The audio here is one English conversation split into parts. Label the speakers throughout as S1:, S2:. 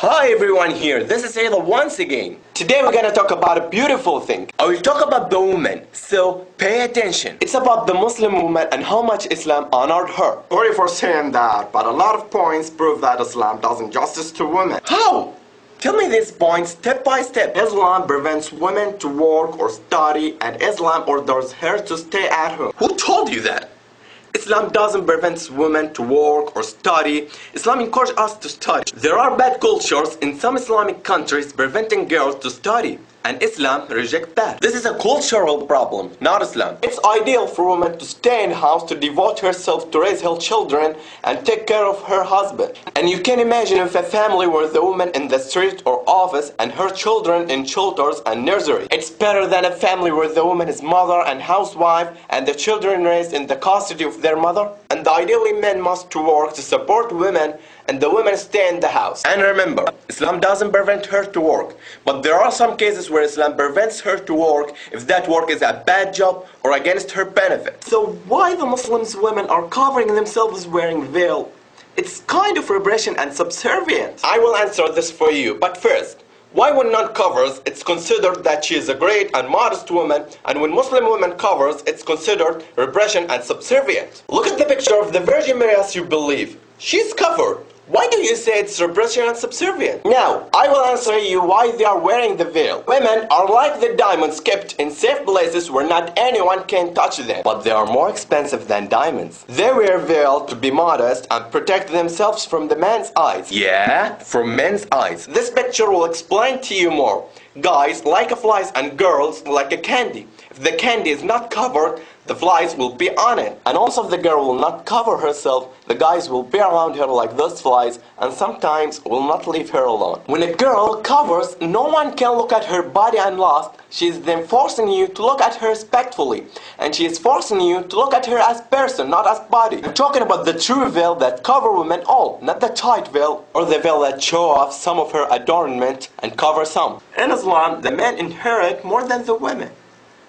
S1: Hi everyone here, this is Ayla once again. Today we're gonna talk about a beautiful thing. I will talk about the woman, so pay attention. It's about the Muslim woman and how much Islam honored her. Sorry for saying that, but a lot of points prove that Islam does injustice to women. How? Tell me these points step by step. Islam prevents women to work or study and Islam orders her to stay at home. Who told you that? Islam doesn't prevent women to work or study. Islam encourages us to study. There are bad cultures in some Islamic countries preventing girls to study and Islam reject that. This is a cultural problem, not Islam. It's ideal for women woman to stay in house to devote herself to raise her children and take care of her husband. And you can imagine if a family were the woman in the street or office and her children in shelters and nursery. It's better than a family where the woman is mother and housewife and the children raised in the custody of their mother. And ideally men must work to support women and the women stay in the house. And remember, Islam doesn't prevent her to work, but there are some cases where Islam prevents her to work if that work is a bad job or against her benefit. So why the Muslims women are covering themselves wearing veil? It's kind of repression and subservience. I will answer this for you, but first, why when not covers, it's considered that she is a great and modest woman, and when Muslim women covers, it's considered repression and subservient. Look at the picture of the Virgin Mary as you believe. She's covered, why do you say it's repression and subservient? Now, I will answer you why they are wearing the veil. Women are like the diamonds kept in safe places where not anyone can touch them. But they are more expensive than diamonds. They wear veil to be modest and protect themselves from the man's eyes. Yeah, from men's eyes. This picture will explain to you more. Guys like flies and girls like a candy. If the candy is not covered, the flies will be on it. And also if the girl will not cover herself, the guys will be around her like those flies and sometimes will not leave her alone. When a girl covers, no one can look at her body and lust. She is then forcing you to look at her respectfully. And she is forcing you to look at her as person, not as body. I'm talking about the true veil that cover women all, not the tight veil or the veil that show off some of her adornment and cover some. In Islam, the men inherit more than the women.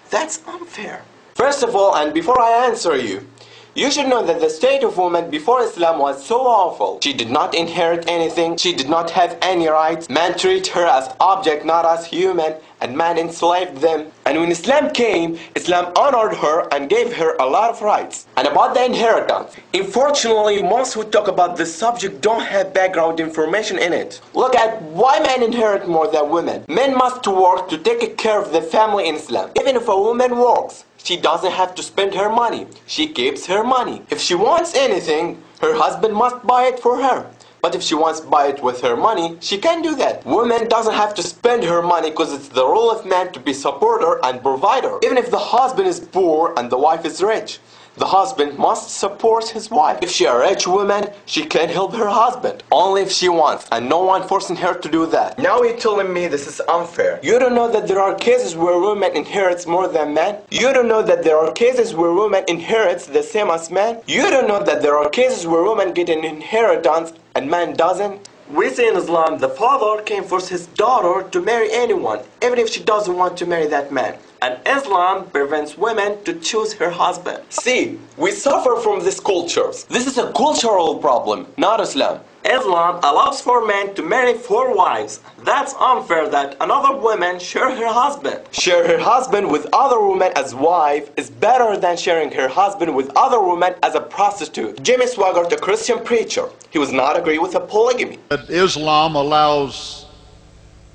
S1: That's unfair. First of all, and before I answer you, you should know that the state of woman before Islam was so awful. She did not inherit anything, she did not have any rights. Man treated her as object, not as human, and man enslaved them. And when Islam came, Islam honored her and gave her a lot of rights. And about the inheritance, unfortunately, most who talk about this subject don't have background information in it. Look at why men inherit more than women. Men must work to take care of the family in Islam. Even if a woman works, she doesn't have to spend her money. She keeps her money. If she wants anything, her husband must buy it for her. But if she wants to buy it with her money, she can do that. Woman doesn't have to spend her money because it's the role of man to be supporter and provider. Even if the husband is poor and the wife is rich. The husband must support his wife. If she a rich woman, she can help her husband. Only if she wants, and no one forcing her to do that. Now you're telling me this is unfair. You don't know that there are cases where women inherits more than men? You don't know that there are cases where women inherits the same as men? You don't know that there are cases where women get an inheritance and man doesn't? We say in Islam, the father can force his daughter to marry anyone, even if she doesn't want to marry that man and Islam prevents women to choose her husband. See, we suffer from these cultures. This is a cultural problem, not Islam. Islam allows for men to marry four wives. That's unfair that another woman share her husband. Share her husband with other women as wife is better than sharing her husband with other women as a prostitute. Jimmy Swaggart, a Christian preacher, he was not agree with a polygamy. But Islam allows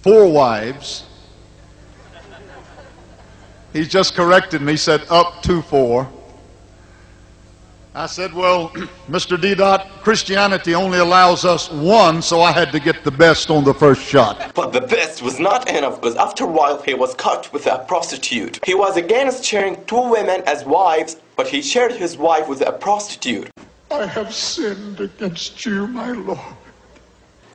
S1: four wives he just corrected me, said up to four. I said, well, Mr. D. Dot, Christianity only allows us one, so I had to get the best on the first shot. But the best was not enough because after a while he was caught with a prostitute. He was against sharing two women as wives, but he shared his wife with a prostitute. I have sinned against you, my Lord.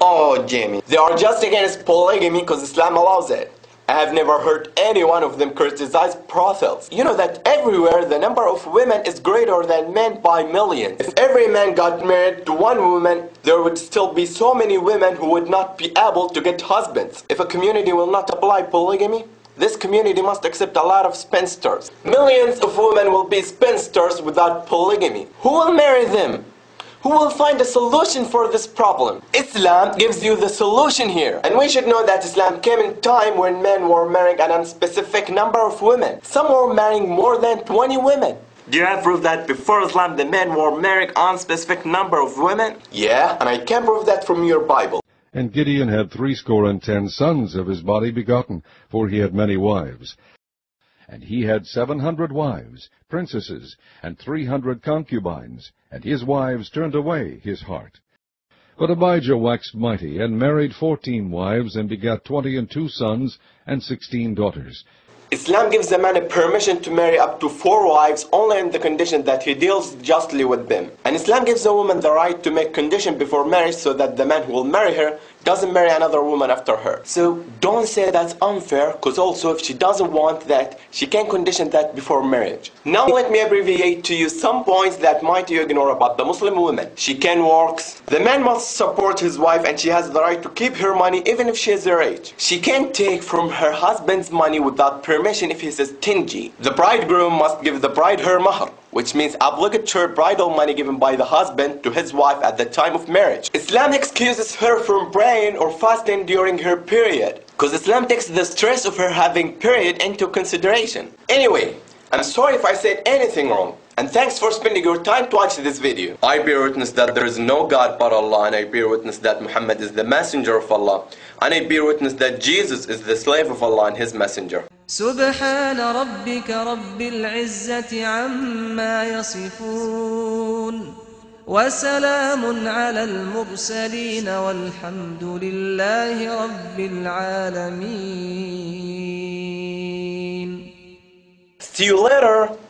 S1: Oh, Jamie, they are just against polygamy because Islam allows it. I have never heard any one of them criticize brothels. You know that everywhere the number of women is greater than men by millions. If every man got married to one woman, there would still be so many women who would not be able to get husbands. If a community will not apply polygamy, this community must accept a lot of spinsters. Millions of women will be spinsters without polygamy. Who will marry them? who will find a solution for this problem. Islam gives you the solution here. And we should know that Islam came in time when men were marrying an unspecific number of women. Some were marrying more than 20 women. Do you have proof that before Islam the men were marrying unspecific number of women? Yeah, and I can prove that from your Bible. And Gideon had threescore and ten sons of his body begotten, for he had many wives. And he had seven hundred wives, princesses, and three hundred concubines, and his wives turned away his heart. But Abijah waxed mighty, and married fourteen wives, and begat twenty and two sons, and sixteen daughters. Islam gives a man a permission to marry up to four wives only on the condition that he deals justly with them. And Islam gives a woman the right to make condition before marriage so that the man who will marry her doesn't marry another woman after her. So don't say that's unfair, because also if she doesn't want that, she can condition that before marriage. Now let me abbreviate to you some points that might you ignore about the Muslim woman. She can work. The man must support his wife and she has the right to keep her money even if she is her age. She can take from her husband's money without permission if he is stingy. The bridegroom must give the bride her mahr which means obligatory bridal money given by the husband to his wife at the time of marriage. Islam excuses her from praying or fasting during her period, because Islam takes the stress of her having period into consideration. Anyway, I'm sorry if I said anything wrong, and thanks for spending your time to watch this video. I bear witness that there is no God but Allah, and I bear witness that Muhammad is the messenger of Allah, and I bear witness that Jesus is the slave of Allah and his messenger. سبحان ربك رب العزة عما يصفون وسلام على المرسلين والحمد لله رب العالمين See you later!